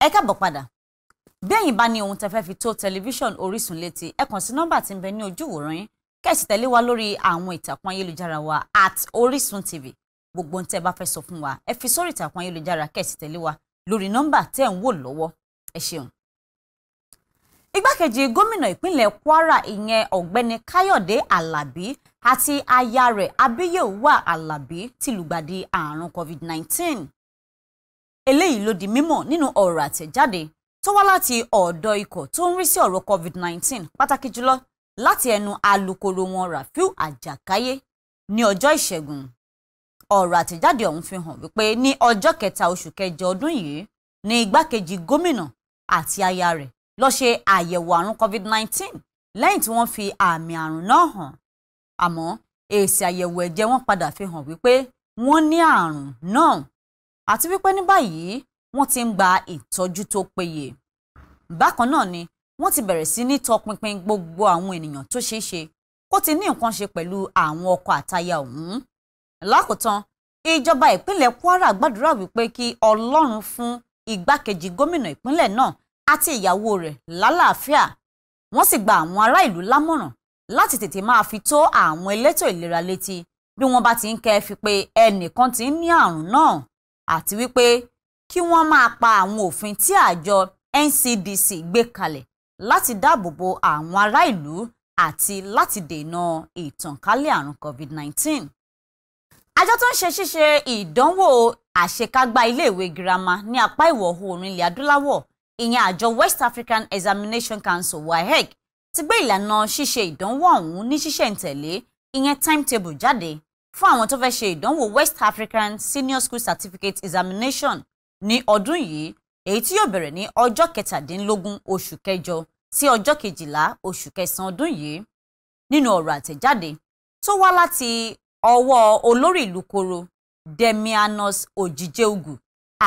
ẹ káàbọ̀ padà bí ẹ̀yin bá ní ohun tẹ́ fẹ́ fi tó tẹlifíṣọ̀n Orísun létí ẹ kàn sí nọ́mbà tí ń bẹ ní ojú yín kẹ́sì tẹ̀lé wa lórí àwọn ìtàkùn ayélujára wa at Orísun TV gbogbo ohun tẹ́ bá fẹ́ sọ fún wa ẹ fi sórí ìtàkùn ayélujára kẹ́sì tẹ̀lé wa lórí nọ́mbà tẹ́ ń wò lọ́wọ́ ẹ ṣeun. igbákejì gómìnà ìpínlẹ̀ Kwara ìyẹn ọ̀gbẹ́ni Káyọ̀dé Àlàbí àti aya rẹ̀ Abíyẹ̀wò Àlàbí ti lùgbàdì àrùn COVID-19 eléyìí ló di mímọ̀ nínú ọ̀rọ̀ àtẹ̀jáde tó wá láti ọ̀dọ̀ ikọ̀ tó ń rí sí ọ̀rọ̀ covid-19 pàtàkì jùlọ láti ẹnu alukoro wọn Rafiu Ajákáyé ní ọjọ́ ìṣẹ́gun ọ̀rọ̀ àtẹ̀jáde ọ̀hún fi hàn wípé ní ọjọ́ kẹta oṣù kẹjọ ọdún yìí ní igbákejì gómìnà àti aya rẹ̀ lọ ṣe àyẹ̀wò àrùn covid-19 lẹ́yìn tí wọ́n fi àmì àrùn náà hàn àmọ́ èsì àyẹ̀wò ẹ̀jẹ̀ wọn padà fi hàn wípé wọ́n ní àrùn náà àti wípé ní báyìí wọ́n ti ń gba ìtọ́jú tó péye bákan náà ni wọ́n ti bẹ̀rẹ̀ sí ní tọpinpin gbogbo àwọn ènìyàn tó ṣeé ṣe kó ti ní nǹkan ṣe pẹ̀lú àwọn ọkọ àtaya ọ̀hún lákòótán ìjọba ìpínlẹ̀ Kwara gbàdúrà wípé kí Ọlọ́run fún igbákejì gómìnà ìpínlẹ̀ náà àti ìyàwó rẹ̀ lálàáfíà wọ́n sì gba àwọn ará ìlú lámọ̀ràn láti tètè máa fi tó àwọn elétò ìlera létí bí wọ́n bá ti ń kẹ́ fi pé ẹnìkan ti ń ní àrùn náà àti wípé kí wọ́n máa pa àwọn òfin tí àjọ NCDC gbé kalẹ̀ láti dáàbò bo àwọn ará ìlú àti láti dènà ìtànkálẹ̀ àrùn COVID-19. Àjọ tó ń ṣe ṣíṣe ìdánwò àṣekágbá iléèwé girama ní apá ìwọ̀ oòrùn ilẹ̀ adúláwọ̀ ìyẹn àjọ West African Examination Council WAEC ti gbé ìlànà ṣíṣe ìdánwò ọ̀hún ní ṣíṣẹ̀ǹtẹ̀lé ìyẹn timetable jáde fún àwọn tó fẹ́ ṣe ìdánwò West African Senior School Certificate Examination ní ọdún yìí èyí tí yóò bẹ̀rẹ̀ ní ọjọ́ kẹtàdínlógún oṣù kẹjọ sí ọjọ́ kejìlá oṣù kẹsàn-án ọdún yìí nínú ọ̀rọ̀ àtẹ̀jáde tó wá láti ọwọ́ olórí ìlú Koro Demianos Ojijeogu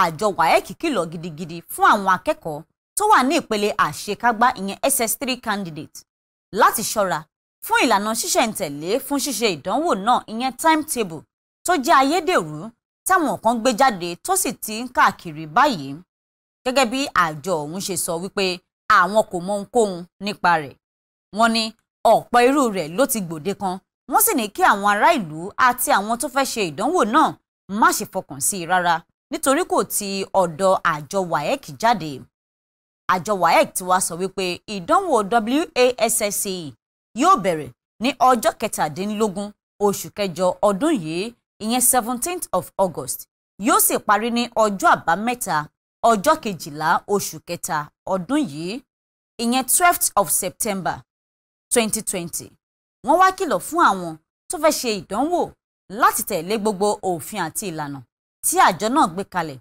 àjọ WAEC kìlọ̀ gidigidi fún àwọn akẹ́kọ̀ọ́ tó wà ní ìpele àṣekágbá ìyẹn SS3 candidate láti ṣọ́ra fún ìlànà ṣíṣẹ̀ǹtẹ̀lé fún ṣíṣe ìdánwò náà ìyẹn timetable tó jẹ́ ayédèrú táwọn kan gbé jáde tó sì ti ń káàkiri báyìí gẹ́gẹ́ bí àjọ ọ̀hún ṣe sọ wípé àwọn kò mọ ohunkóhun nípa rẹ̀ wọ́n ní ọ̀pọ̀ irú rẹ̀ ló ti gbòde kan wọ́n sì ní kí àwọn ará ìlú àti àwọn tó fẹ́ ṣe ìdánwò náà má ṣe fọkàn sí i rárá nítorí kò ti ọ̀dọ̀ àjọ WAEC jáde àjọ WAEC ti wá sọ wípé ìdánwò WASSCE yóò bẹ̀rẹ̀ ní ọjọ́ kẹtàdínlógún oṣù kẹjọ ọdún yìí ìyẹn seventeenth of August yóò sì parí ní ọjọ́ àbámẹ́ta ọjọ́ kejìlá oṣù kẹta ọdún yìí ìyẹn twelfth of September twenty twenty wọ́n wá kìlọ̀ fún àwọn tó fẹ́ ṣe ìdánwò láti tẹ̀lé gbogbo òfin àti ìlànà tí àjọ náà gbé kalẹ̀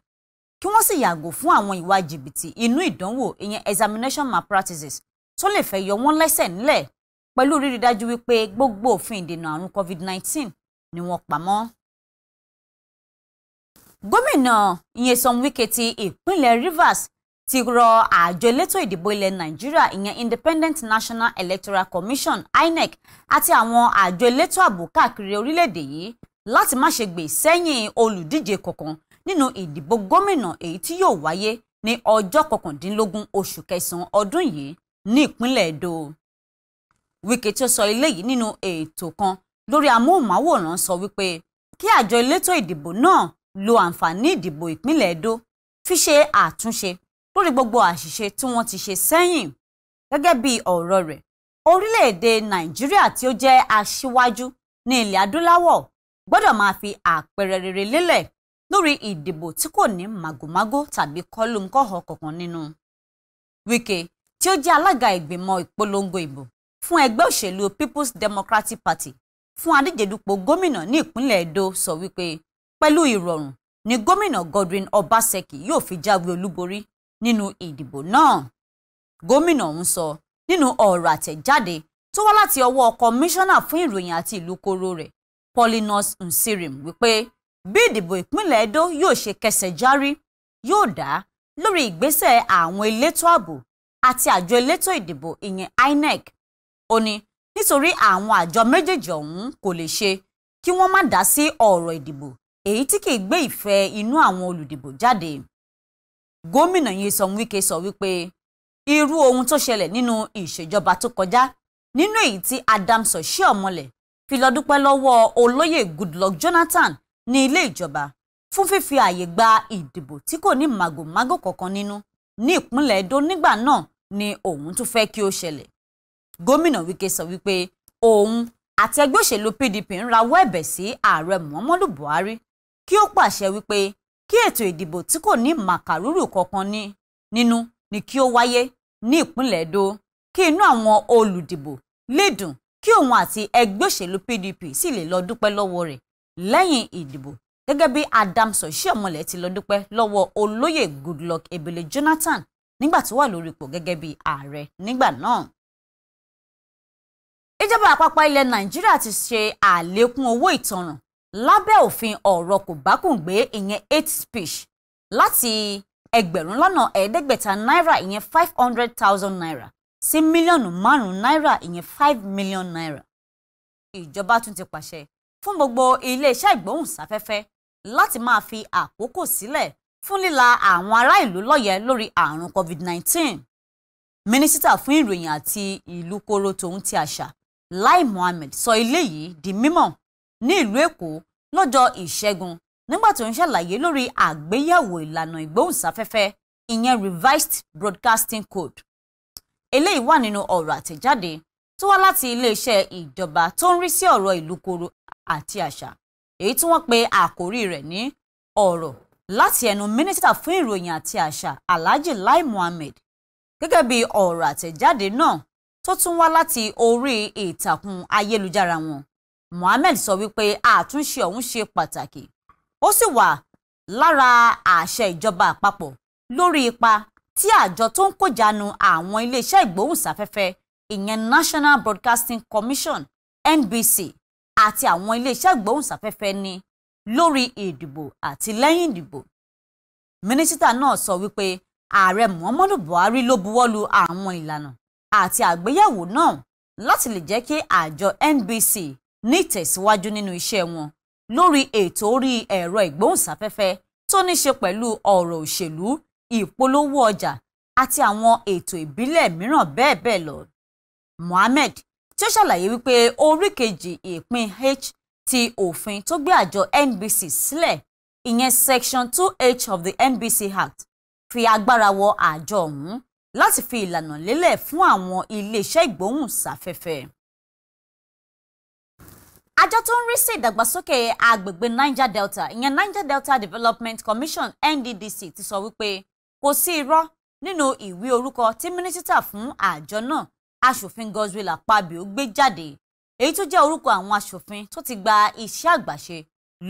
kí wọ́n sì yàgò fún àwọn ìwà jìbìtì inú ìdánwò ìyẹn examination malpractices tó lè fẹ́ yọ wọ́n lẹ́sẹ̀ nílẹ̀ pẹ̀lú rírí dájú wípé gbogbo òfin ìdènà àrùn COVID-19 ni wọ́n pa mọ́. Gómìnà Nyesom Wike ti ìpínlẹ̀ Rivers ti rọ àjọ elétò ìdìbò ilẹ̀ Nàìjíríà ìyẹn Independent National Electoral Commission INEC àti àwọn àjọ elétò ààbò káàkiri orílẹ̀-èdè yìí láti má ṣe gbè sẹ́yìn olùdíje kankan nínú ìdìbò gómìnà èyí tí yóò wáyé ní ọjọ́ kọkàndínlógún oṣù kẹsàn-án ọdún yìí ní ìpínlẹ̀ Edo. Wike tí ó sọ eléyìí nínú ètò kan lórí amóhùnmáwòrán sọ wípé kí àjọ elétò ìdìbò náà lo àǹfààní ìdìbò ìpínlẹ̀ Edo fi ṣe àtúnṣe lórí gbogbo àṣìṣe tí wọ́n ti ṣe sẹ́yìn gẹ́gẹ́ bí ọ̀rọ̀ rẹ̀ orílẹ̀-èdè Nàìjíríà tí ó jẹ́ aṣíwájú ní ilẹ̀ adúláwọ̀ gbọ́dọ̀ máa fi àpẹẹrẹ rere lélẹ̀ lórí ìdìbò tí kò ní màgòmágó tàbí kọlùmkọ̀họ̀ kankan nínú. Wike tí ó jẹ́ alága ìgbìmọ̀ ìpolongo ìbò fún ẹgbẹ́ òṣèlú People's Democratic Party fún adíjedupò gómìnà ní ìpínlẹ̀ Edo sọ wípé pẹ̀lú ìrọ̀rùn ni gómìnà Godwin Obaseki yóò fi jáwé olúborí nínú ìdìbò náà gómìnà ọ̀hún sọ nínú ọ̀rọ̀ àtẹ̀jáde tó wá láti ọwọ́ kọmíṣánná fún ìròyìn àti ìlúkoro rẹ̀ Paulinus Nsirim wípé bí ìdìbò ìpínlẹ̀ Edo yóò ṣe kẹsẹ̀ járí yóò dá lórí ìgbésẹ̀ àwọn elétò ààbò àti àjọ elétò ìdìbò ìyẹn INEC ó ní nítorí àwọn àjọ méjèèjì ọ̀hún kò lè ṣe kí wọ́n má dá sí ọ̀rọ̀ ìdìbò èyí tí kì í gbé ìfẹ́ inú àwọn olùdìbò jáde gómìnà Nyesom Wike sọ wípé irú ohun tó ṣẹlẹ̀ nínú ìṣèjọba tó kọjá nínú èyí tí Adams Oshiomhole fi lọ lọ́wọ́ olóyè Goodluck Jonathan ní ilé ìjọba fún fífi ààyè gba ìdìbò tí kò ní màgòmágò kankan nínú ní ìpínlẹ̀ Edo nígbà náà ni òun tún fẹ́ kí ó ṣẹlẹ̀ gómìnà Wike sọ wípé òun àti ẹgbẹ́ òṣèlú PDP ń rawọ́ ẹ̀bẹ̀ sí ààrẹ Muhammadu Buhari kí ó pàṣẹ wípé kí ètò ìdìbò tí kò ní màkàrúrù kankan ní nínú ni kí ó wáyé ní ìpínlẹ̀ Edo kí inú àwọn olùdìbò lè dùn kí òun àti ẹgbẹ́ òṣèlú PDP sì lè lọ dúpẹ́ lọ́wọ́ rẹ̀ lẹ́yìn ìdìbò gẹ́gẹ́ bí Adams Oshiomhole ti lọ dúpẹ́ lọ́wọ́ olóyè Goodluck Ebele Jonathan nígbà tó wà lórí ipò gẹ́gẹ́ bí ààrẹ nígbà náà ìjọba àpapọ̀ ilẹ̀ nàìjíríà ti ṣe àlékún owó ìtanràn lábẹ́ òfin ọ̀rọ̀ kòbákùngbé ìyẹn hate speech láti ẹgbẹ̀rún lọ́nà ẹ̀ẹ́dẹ́gbẹ̀ta náírà ìyẹn five hundred thousand naira sí mílíọ̀nù márùn-ún náírà ìyẹn five million naira. ìjọba tún ti pàṣẹ fún gbogbo iléeṣẹ́ ìgbóhùnsáfẹ́fẹ́ láti máa fi àkókò sílẹ̀ fún líla àwọn ará ìlú lọ́yẹ̀ lórí àrùn covid-19. mínísítà fún ìròyìn àti ìlú koro tòun ti àṣà Lai Mohammed sọ eléyìí di mímọ̀ ní ìlú Èkó lọ́jọ́ Ìṣẹ́gun nígbà tó ń ṣàlàyé lórí àgbéyẹ̀wò ìlànà ìgbóhùnsáfẹ́fẹ́ ìyẹn revised broadcasting code eléyìí wà nínú ọ̀rọ̀ àtẹ̀jáde tó wá láti iléeṣẹ́ ìjọba tó ń rí sí ọ̀rọ̀ ìlúkoro àti àṣà èyí tí wọ́n pe àkórí rẹ̀ ní ọ̀rọ̀ láti ẹnu mínísítà fún ìròyìn àti àṣà Alhaji Lai Mohammed gẹ́gẹ́ bí ọ̀rọ̀ àtẹ̀jáde náà tó tún wá láti orí ìtàkùn ayélujára wọn Mohammed sọ wípé àtúnṣe ọ̀hún ṣe pàtàkì ó sì wà lára àṣẹ ìjọba àpapọ̀ lórí ipa tí àjọ tó ń kójanu àwọn iléeṣẹ́ ìgbóhùnsáfẹ́fẹ́ ìyẹn National Broadcasting Commission NBC àti àwọn iléeṣẹ́ ìgbóhùnsáfẹ́fẹ́ ní lórí ìdìbò àti lẹ́yìn ìdìbò. Mínísítà náà sọ wípé ààrẹ Muhammadu Buhari ló buwọ́lu àwọn ìlànà àti àgbéyẹ̀wò náà láti lè jẹ́ kí àjọ NBC ní ìtẹ̀síwájú nínú iṣẹ́ wọn lórí ètò orí ẹ̀rọ ìgbóhùnsáfẹ́fẹ́ tó ní ṣe pẹ̀lú ọ̀rọ̀ òṣèlú ìpolówó ọjà àti àwọn ètò ìbílẹ̀ mìíràn bẹ́ẹ̀ bẹ́ẹ̀ lọ. Mohammed tí ó ṣàlàyé wípé orí kejì ìpín H ti òfin tó gbé àjọ NBC sílẹ̀ ìyẹn section two H of the NBC Act fi agbára wọ àjọ ọ̀hún láti fi ìlànà lélẹ̀ fún àwọn iléeṣẹ́ ìgbóhùnsáfẹ́fẹ́ àjọ tó ń rí sí ìdàgbàsókè agbègbè Niger Delta ìyẹn Niger Delta Development Commission NDDC ti sọ wípé kò sí irọ́ nínú ìwé orúkọ tí mínísítà fún àjọ náà aṣòfin Godswill Akpabio gbé jáde èyí tó jẹ́ orúkọ àwọn aṣòfin tó ti gba iṣẹ́ àgbàṣe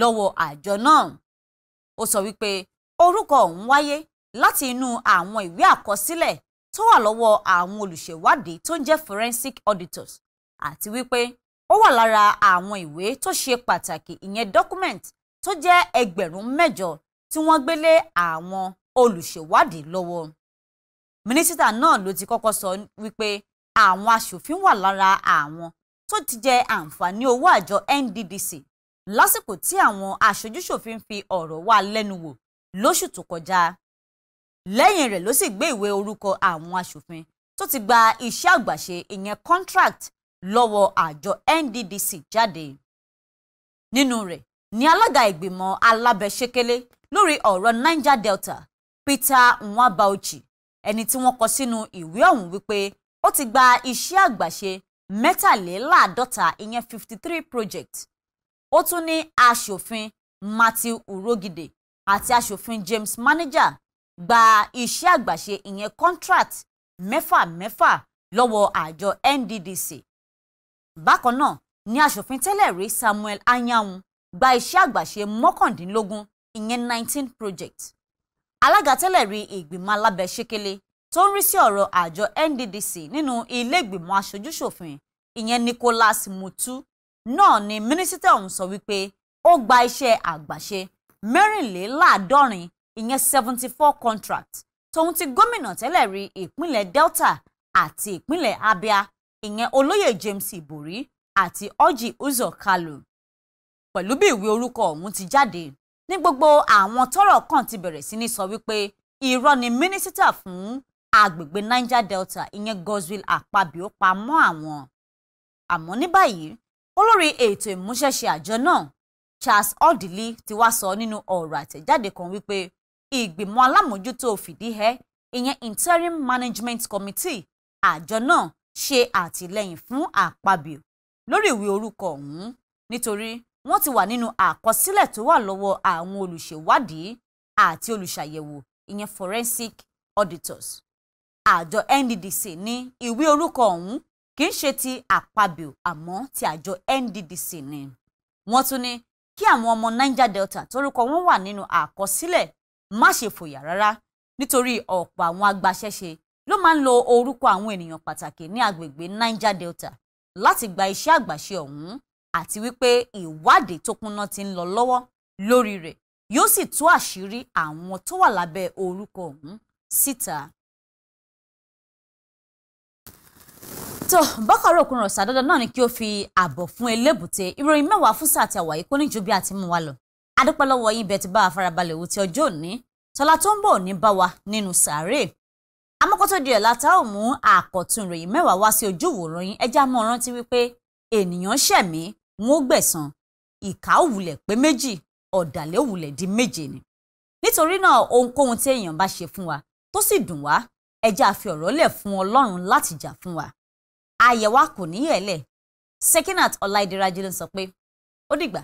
lọ́wọ́ àjọ náà ó sọ wípé orúkọ ọ̀hún wáyé láti inú àwọn ìwé àkọsílẹ̀ tó wà lọ́wọ́ àwọn olùṣèwádìí tó ń jẹ́ forensic auditors àti wípé ó wà lára àwọn ìwé tó ṣe pàtàkì ìyẹn document tó jẹ́ ẹgbẹ̀rún mẹ́jọ tí wọ́n gbé lé àwọn olùṣèwádìí lọ́wọ́. mínísítà náà ló ti kọ́kọ́ sọ wípé àwọn aṣòfin wà lára àwọn tó ti jẹ àǹfààní owó àjọ NDDC lásìkò tí àwọn aṣojúṣòfin fi ọ̀rọ̀ wá lẹ́nu wò lóṣù tó kọjá lẹ́yìn rẹ̀ ló sì gbé ìwé orúkọ àwọn aṣòfin tó ti gba iṣẹ́ àgbàṣe ìyẹn contract lọ́wọ́ àjọ NDDC jáde nínú rẹ̀ ní alága ìgbìmọ̀ alábẹ́sẹ́kẹ́lé lórí ọ̀rọ̀ Niger Delta Peter Nwabauchi ẹni tí wọ́n kọ sínú ìwé ọ̀hún wípé ó ti gba iṣẹ́ àgbàṣe mẹ́tàléláàádọ́ta ìyẹn fifty three project ó tún ní aṣòfin Matthew Urogide àti aṣòfin James Manager gba iṣẹ́ àgbàṣe ìyẹn contract mẹ́fà mẹ́fà lọ́wọ́ àjọ NDDC. bákan náà ni aṣòfin tẹ́lẹ̀ rí Samuel Anyanwu gba iṣẹ́ àgbàṣe mọ́kàndínlógún ìyẹn nineteen project. alága tẹ́lẹ̀ rí ìgbìmọ̀ alábẹ́sẹ́kẹ́lẹ́ tó ń rí sí ọ̀rọ̀ àjọ NDDC nínú ilé ìgbìmọ̀ aṣojúṣòfin ìyẹn Nicholas Mutu náà ni mínísítà ọ̀hún sọ wípé ó gba iṣẹ́ àgbàṣe mẹ́rìnléláàádọ́rin ìyẹn seventy four contract tóun ti gómìnà tẹ́lẹ̀ rí ìpínlẹ̀ Delta àti ìpínlẹ̀ Abia ìyẹn olóyè James Ibori àti Orji Uzo Kalu pẹ̀lú bí ìwé orúkọ ọ̀hún ti jáde ní gbogbo àwọn tọ́rọ̀ kàn ti bẹ̀rẹ̀ sí ní sọ wípé irọ́ ni mínísítà fún agbègbè Niger Delta ìyẹn Godswill Akpabio pa mọ́ àwọn àmọ́ ní báyìí olórí ètò ìmúṣẹ́ṣe àjọ náà Charles Odili ti wá sọ nínú ọ̀rọ̀ àtẹ̀jáde kan wípé ìgbìmọ̀ alámòójútó fìdíhẹ ìyẹn interim management committee àjọ náà ṣe àtìlẹ́yìn fún àpabio lórí ìwé orúkọ ọ̀hún nítorí wọ́n ti wà nínú àkọsílẹ̀ tó wà lọ́wọ́ àwọn olùṣèwádìí àti olùṣàyẹ̀wò ìyẹn forensic auditors àjọ NDDC ní ìwé orúkọ ọ̀hún kì í ṣe ti àpabio àmọ́ ti àjọ NDDC ni wọ́n tún ní kí àwọn ọmọ Niger Delta torúkọ wọn wà nínú àkọsílẹ̀ má ṣe fòyà rárá nítorí ọ̀pọ̀ àwọn agbaṣẹ́ṣe ló máa ń lo orúkọ àwọn ènìyàn pàtàkì ní agbègbè Niger Delta láti gba iṣẹ́ àgbàṣe ọ̀hún àti wípé ìwádìí tó kúnná ti ń lọ lọ́wọ́ lórí rẹ̀ yóò sì tú àṣírí àwọn tó wà lábẹ́ orúkọ ọ̀hún síta. tó bákan rò kúnrọ̀ sàdọ́dọ̀ náà ni kí ó fi ààbọ̀ fún elébùté ìròyìn mẹ́wàá fún sáà kó ní bí a ti mú wa lọ adúpẹ́ lọ́wọ́ yín bẹ́ẹ̀ ti bá àfarabalẹ̀ wò ti ọjọ́ òní tọ́lá tó ń bọ̀ ní bá wa nínú sàárè amọ́kótó di ọ̀la tá ò mú àkọ́tún ìròyìn mẹ́wàá wá sí ojú ìwòran yín ẹjẹ́ àmọ́ rántí wípé ènìyàn ṣẹ̀mí wọn ó gbẹ̀san ìkà òwúlẹ̀ pé méjì ọ̀dàlẹ̀ òwúlẹ̀ di méje ni nítorí náà ohunkóhun tí èèyàn bá ṣe fún wa tó sì dùn wá ẹjẹ́ àfi ọ̀rọ̀ lẹ̀ fún ọlọ́run láti jà fún wa àyẹ̀wò kò Sekinat Ọláìdíra sọ pé ó dìgbà